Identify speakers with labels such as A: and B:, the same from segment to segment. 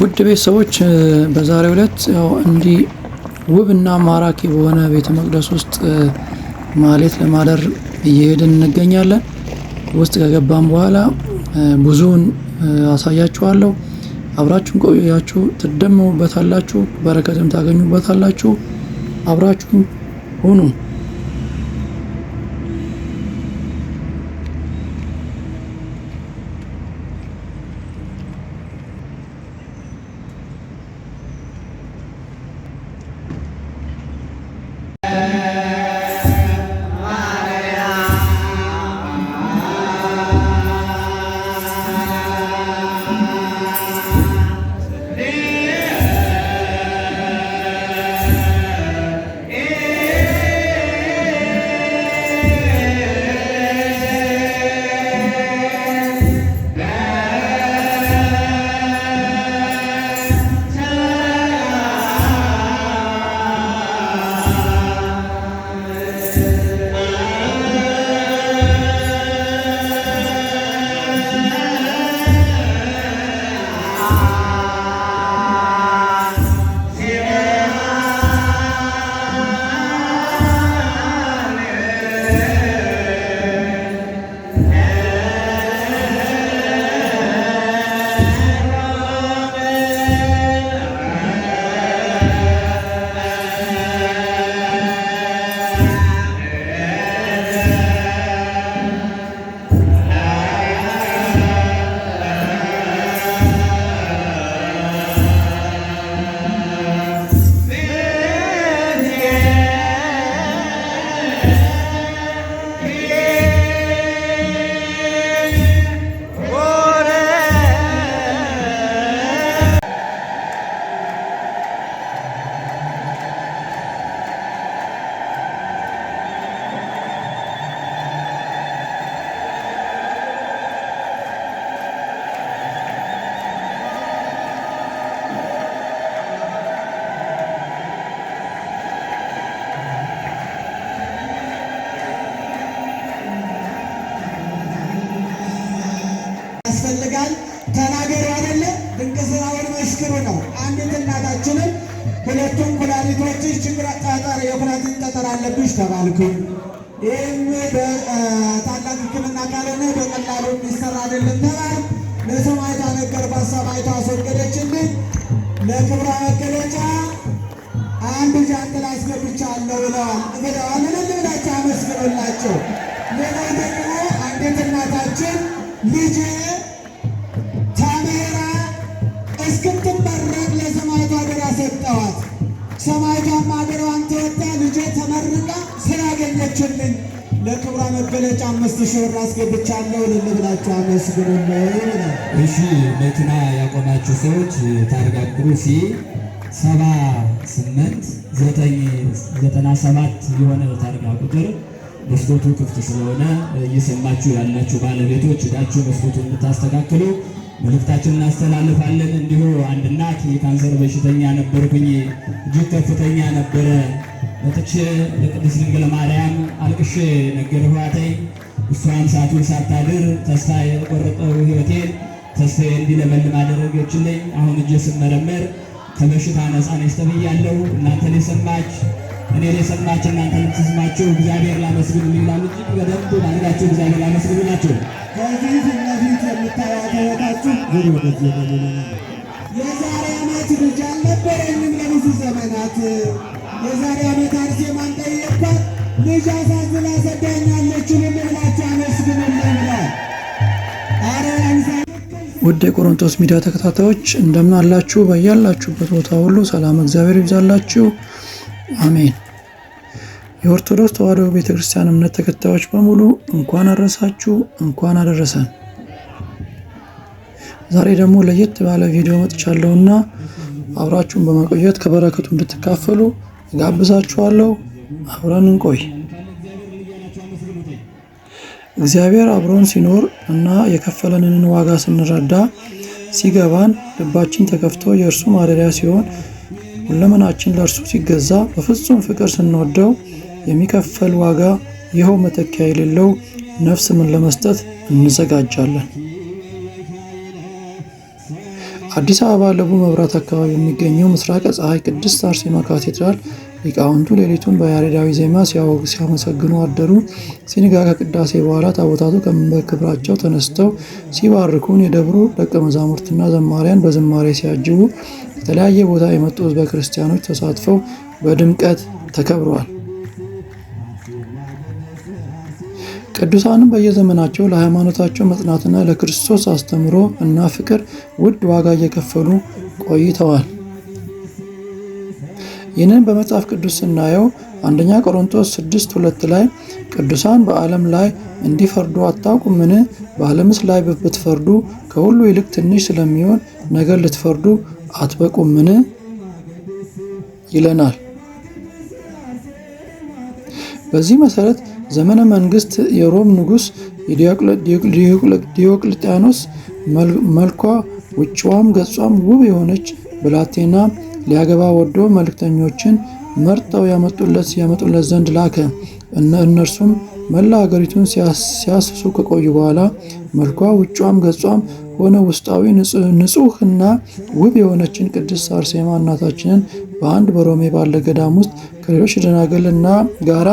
A: ውድ ቤተሰቦች በዛሬ ዕለት ያው እንዲህ ውብና ማራኪ በሆነ ቤተ መቅደስ ውስጥ ማሌት ለማደር እየሄድን እንገኛለን። ውስጥ ከገባም በኋላ ብዙውን አሳያችኋለሁ። አብራችሁን ቆያችሁ ትደመሙበታላችሁ፣ በረከትም ታገኙበታላችሁ። አብራችሁን ሁኑ።
B: አንዲት እናታችንን ሁለቱም ኩላሊቶችሽ ችግር ጠጠር የኩላሊት ጠጠር አለብሽ ተባልኩኝ። ይህም በታላቅ ሕክምና ካልሆነ በቀላሉ የሚሰራ አይደለም ተባል ለሰማይቷ ነገርኳት። ሰማይቷ አስወገደችልኝ። ለክብረ መገለጫ አንድ ጃንጥላ አስገብቻለሁ ብለዋል። እንግዲህ አመስግኑላቸው። ሌላ ደግሞ አንዲት እናታችን ልጄ ሰጠኋት። ሰማዕቷን ማደሪያዋን ተወጣ ልጄ ተመርቃ ስራ አገኘችልኝ። ለክብሯ መገለጫ አምስት ሺህ ብር አስገብቻለሁ። ልል ብላችሁ አመስግኑልኝ።
C: እሺ መኪና ያቆማችሁ ሰዎች ታርጋ ቁጥሩ ሲ ሰባ ስምንት ዘጠኝ ዘጠና ሰባት የሆነ ታርጋ ቁጥር መስኮቱ ክፍት ስለሆነ እየሰማችሁ ያላችሁ ባለቤቶች እዳችሁ መስኮቱን እንድታስተካክሉ መልእክታችንን እናስተላልፋለን። እንዲሁ አንድ እናት የካንሰር በሽተኛ ነበርኩኝ። እጅግ ከፍተኛ ነበረ። መጥቼ ለቅድስት ድንግል ማርያም አልቅሼ ነገርኋት። እሷም ሰዓቱን ሳታድር ተስፋ የቆረጠው ሕይወቴን ተስፋ እንዲለመልም አደረገችልኝ። አሁን እጄ ስመረመር ከበሽታ ነፃ ነች ተብያለሁ። እናንተን የሰማች እኔን የሰማች እናንተን የምትሰማችሁ እግዚአብሔር ላመስግኑ ይላሉ። በደንብ ማድረጋችሁ እግዚአብሔር ላመስግኑ ናቸው።
B: ወደ ሕይወታችሁ የዛሬ ዓመት ልጅ አልነበረኝም ለብዙ ዘመናት የዛሬ ዓመት አርሴማን ጠየቅኳት። ልጅ ሰዳኛለች
A: ውድ የቆሮንቶስ ሚዲያ ተከታታዮች እንደምን አላችሁ? በያላችሁበት ቦታ ሁሉ ሰላም እግዚአብሔር ይብዛላችሁ፣ አሜን። የኦርቶዶክስ ተዋሕዶ ቤተክርስቲያን እምነት ተከታዮች በሙሉ እንኳን አረሳችሁ፣ እንኳን አደረሰን። ዛሬ ደግሞ ለየት ባለ ቪዲዮ እና አብራችሁን በመቆየት ከበረከቱ እንድትካፈሉ ጋብዛችኋለሁ። አብረን እንቆይ። እግዚአብሔር አብሮን ሲኖር እና የከፈለንን ዋጋ ስንረዳ ሲገባን ልባችን ተከፍቶ የእርሱ ማደሪያ ሲሆን ሁለመናችን ለእርሱ ሲገዛ በፍጹም ፍቅር ስንወደው የሚከፈል ዋጋ ይኸው መተኪያ የሌለው ነፍስ ምን ለመስጠት እንዘጋጃለን። አዲስ አበባ ለቡ መብራት አካባቢ የሚገኘው ምስራቀ ፀሐይ ቅድስት አርሴማ ካቴድራል ሊቃውንቱ ሌሊቱን በያሬዳዊ ዜማ ሲያወግ ሲያመሰግኑ አደሩ። ሲንጋ ከቅዳሴ በኋላ ታቦታቱ ከመክብራቸው ተነስተው ሲባርኩን የደብሩ ደቀ መዛሙርትና ዘማሪያን በዝማሬ ሲያጅቡ ከተለያየ ቦታ የመጡ ህዝበ ክርስቲያኖች ተሳትፈው በድምቀት ተከብረዋል። ቅዱሳንም በየዘመናቸው ለሃይማኖታቸው መጽናትና ለክርስቶስ አስተምሮ እና ፍቅር ውድ ዋጋ እየከፈሉ ቆይተዋል። ይህንን በመጽሐፍ ቅዱስ ስናየው አንደኛ ቆሮንቶስ ስድስት ሁለት ላይ ቅዱሳን በዓለም ላይ እንዲፈርዱ አታውቁምን? በዓለምስ ላይ ብትፈርዱ ከሁሉ ይልቅ ትንሽ ስለሚሆን ነገር ልትፈርዱ አትበቁምን? ይለናል። በዚህ መሰረት ዘመነ መንግስት የሮም ንጉስ ዲዮቅልጥያኖስ መልኳ ውጭዋም ገጿም ውብ የሆነች ብላቴና ሊያገባ ወዶ መልክተኞችን መርጠው ያመጡለት ያመጡለት ዘንድ ላከ። እነርሱም መላ ሀገሪቱን ሲያስሱ ከቆዩ በኋላ መልኳ ውጯም ገጿም ሆነ ውስጣዊ ንጹህና ውብ የሆነችን ቅድስት አርሴማ እናታችንን በአንድ በሮሜ ባለ ገዳም ውስጥ ከሌሎች ደናግልና ጋራ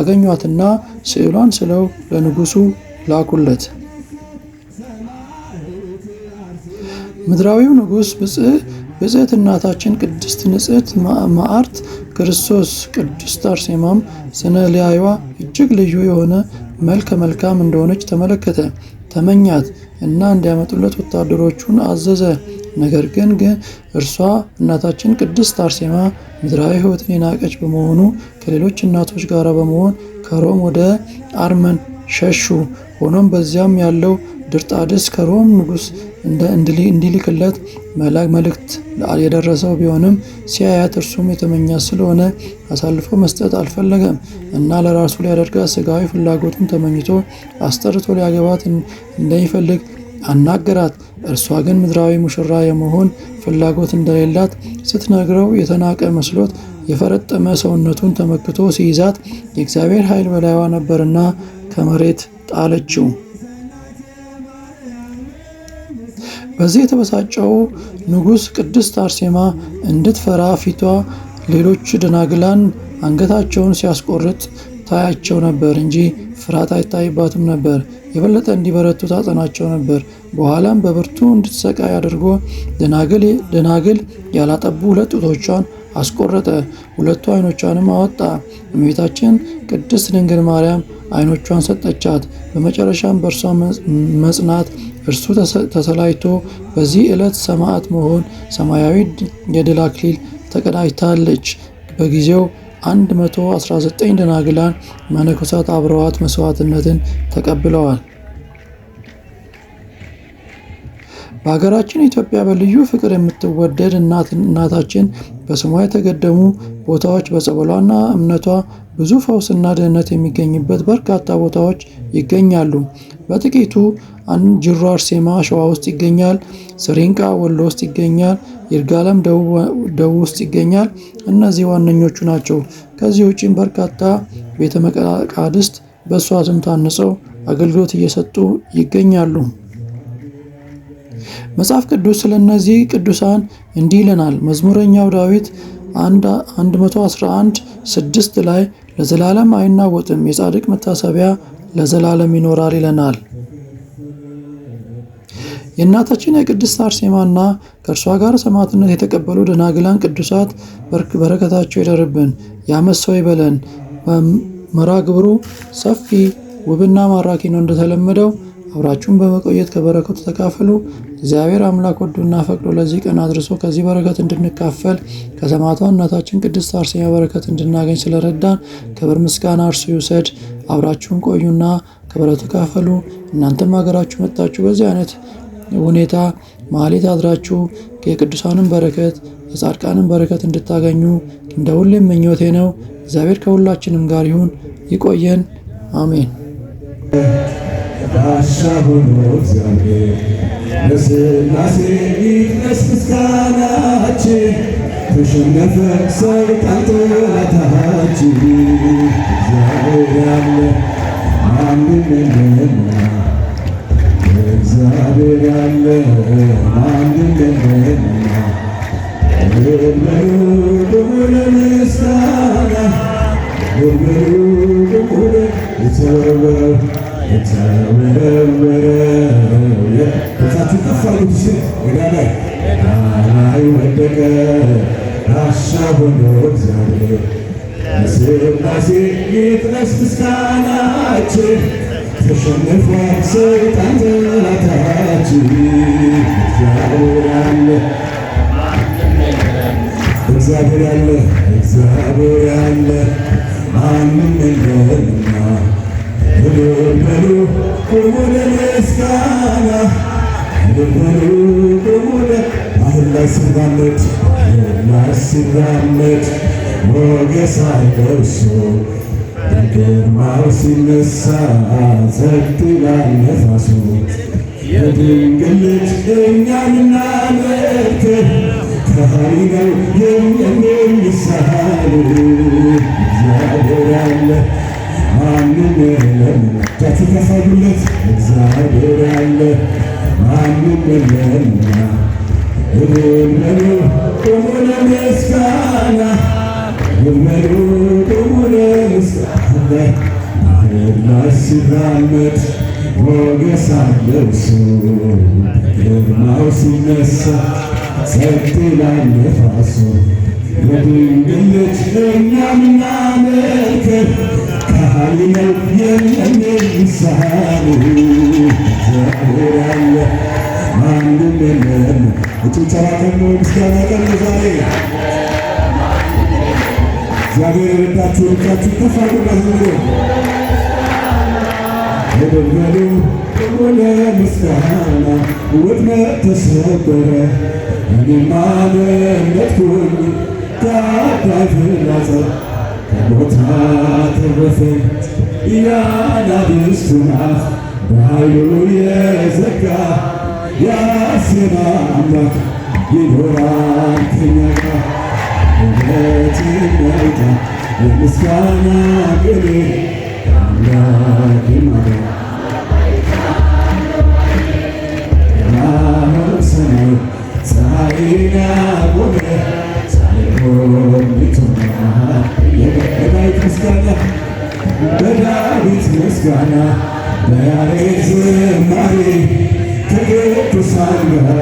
A: አገኟትና ስዕሏን ስለው ለንጉሱ ላኩለት። ምድራዊው ንጉስ ብጽህ ብጽዕት እናታችን ቅድስት ንጽሕት ማአርት ክርስቶስ ቅድስት አርሴማም ስነ ሊያዩዋ እጅግ ልዩ የሆነ መልከ መልካም እንደሆነች ተመለከተ። ተመኛት እና እንዲያመጡለት ወታደሮቹን አዘዘ። ነገር ግን ግን እርሷ እናታችን ቅድስት አርሴማ ምድራዊ ሕይወትን የናቀች በመሆኑ ከሌሎች እናቶች ጋር በመሆን ከሮም ወደ አርመን ሸሹ። ሆኖም በዚያም ያለው ድርጣድስ ከሮም ንጉሥ እንዲልክለት መልእክት የደረሰው ቢሆንም ሲያያት እርሱም የተመኛት ስለሆነ አሳልፎ መስጠት አልፈለገም እና ለራሱ ሊያደርጋት ስጋዊ ፍላጎቱን ተመኝቶ አስጠርቶ ሊያገባት እንደሚፈልግ አናገራት። እርሷ ግን ምድራዊ ሙሽራ የመሆን ፍላጎት እንደሌላት ስትነግረው የተናቀ መስሎት የፈረጠመ ሰውነቱን ተመክቶ ሲይዛት የእግዚአብሔር ኃይል በላይዋ ነበርና ከመሬት ጣለችው። በዚህ የተበሳጨው ንጉሥ ቅድስት አርሴማ እንድትፈራ ፊቷ ሌሎች ደናግላን አንገታቸውን ሲያስቆርጥ ታያቸው ነበር እንጂ ፍርሃት አይታይባትም ነበር። የበለጠ እንዲበረቱ ታጸናቸው ነበር። በኋላም በብርቱ እንድትሰቃይ አድርጎ ደናግል ያላጠቡ ሁለት ጡቶቿን አስቆረጠ፣ ሁለቱ አይኖቿንም አወጣ። እመቤታችን ቅድስት ድንግል ማርያም አይኖቿን ሰጠቻት። በመጨረሻም በእርሷ መጽናት እርሱ ተሰላይቶ በዚህ ዕለት ሰማዕት መሆን ሰማያዊ የድል አክሊል ተቀዳጅታለች። በጊዜው 119 ደናግላን መነኮሳት አብረዋት መስዋዕትነትን ተቀብለዋል። በሀገራችን ኢትዮጵያ በልዩ ፍቅር የምትወደድ እናታችን በስሟ የተገደሙ ቦታዎች በጸበሏና እምነቷ ብዙ ፈውስና ድህነት የሚገኝበት በርካታ ቦታዎች ይገኛሉ። በጥቂቱ ጅሮ አርሴማ ሸዋ ውስጥ ይገኛል። ስሪንቃ ወሎ ውስጥ ይገኛል። ይርጋለም ደቡብ ውስጥ ይገኛል። እነዚህ ዋነኞቹ ናቸው። ከዚህ ውጭም በርካታ ቤተ መቃድስት በእሷ ስም ታንጸው አገልግሎት እየሰጡ ይገኛሉ። መጽሐፍ ቅዱስ ስለ እነዚህ ቅዱሳን እንዲህ ይለናል። መዝሙረኛው ዳዊት 111 6 ላይ ለዘላለም አይናወጥም፣ የጻድቅ መታሰቢያ ለዘላለም ይኖራል ይለናል። የእናታችን የቅድስት አርሴማና ከእርሷ ጋር ሰማዕትነት የተቀበሉ ደናግላን ቅዱሳት በረከታቸው ይደርብን፣ ያመሰው ይበለን። መራግብሩ ግብሩ ሰፊ ውብና ማራኪ ነው። እንደተለመደው አብራችሁን በመቆየት ከበረከቱ ተካፈሉ። እግዚአብሔር አምላክ ወዶና ፈቅዶ ለዚህ ቀን አድርሶ ከዚህ በረከት እንድንካፈል ከሰማዕቷ እናታችን ቅድስት አርሴማ በረከት እንድናገኝ ስለረዳን ክብር ምስጋና እርሱ ይውሰድ። አብራችሁን ቆዩና ክብረ ተካፈሉ። እናንተም ሀገራችሁ መጣችሁ በዚህ አይነት ሁኔታ ማሌ አድራችሁ የቅዱሳንን በረከት የጻድቃንን በረከት እንድታገኙ እንደ ሁሌም ምኞቴ ነው። እግዚአብሔር ከሁላችንም ጋር ይሁን። ይቆየን። አሜን። ምስጋናችን ተሸነፈ ሰይጣን ጠላታችን እግዚአብሔር ያለ ማንም እግዚአብሔር ያለ ማንም የለምና የተመረመረ ላይ ወደቀ በሀሳብ ሆኖ እግዚአብሔር ለሥላሴ ይድረስ ምስጋናችን። ተሸንፏል ሰይጣን ጠላታችን እግዚአብሔር አለ እግዚአብሔር አለ ማንም የለምና ብሎ በሉ ሁሉ ለምስጋና ሲራመድ ለብሶ ሲነሳ ጸጥ ይላል ነፋሱ። የድንግል ልጅ እግዚአብሔር አለ ማንም የለም እግዚአብሔር አለ ሲራመድ ሞገስ አለው ግርማው ሲነሳ ጸጥ ይላል ነፋሱ በድንግነት የሚያምናመልከት ከሃሊ ነው የምንሳሉ ያለ ማንም የለም። ጭብጨባ ከሞ ምስጋና ቀን ዛሬ እግዚአብሔር የረዳችሁ እጃችሁ ከፍ አድርጉና ዘምሩ። የደንገሉ ወደ ምስጋና ታዳጊ ናዝር ከሞት ተረፈን የዘጋ የአሴና አምላክ ይኖራል ከእኛ ጋር እውነት ይመጣ ሰማይ ፀሐይን ያቆመ በዳዊት ምስጋና ምስጋና በያሬድ ዝማሬ ከቅዱሳን ጋር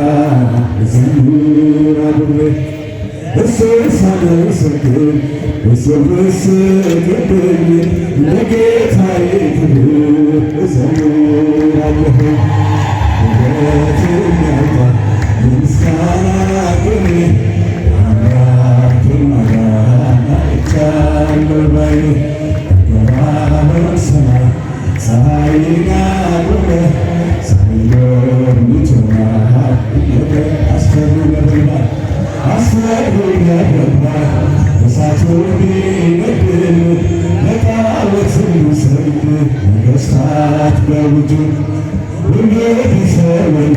D: እዘምር አብሬ እሱን ሳመሰግን እሱን ስቀድም ለጌታዬ ክብር እዘምራለሁ ውበትን ያጣ የምስጋና ግሜ መስቀል በበይ የማበሰማ ፀሐይና ቁመ ሳይለምቱና አስፈሩለብና አስፈሩለብና እሳቱ ቢነድል ለጣዖት ስንሰግድ ነገሥታት በውዱ ውንጌ ሰወን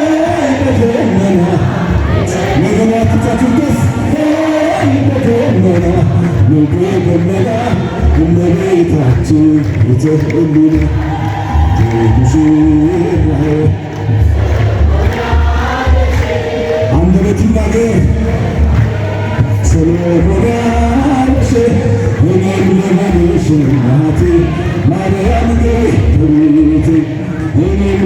D: ማርያም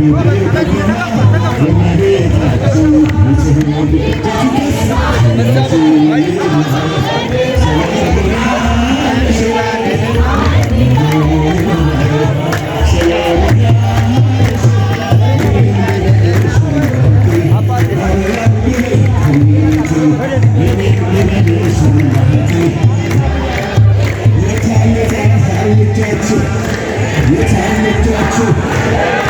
D: Let's have it,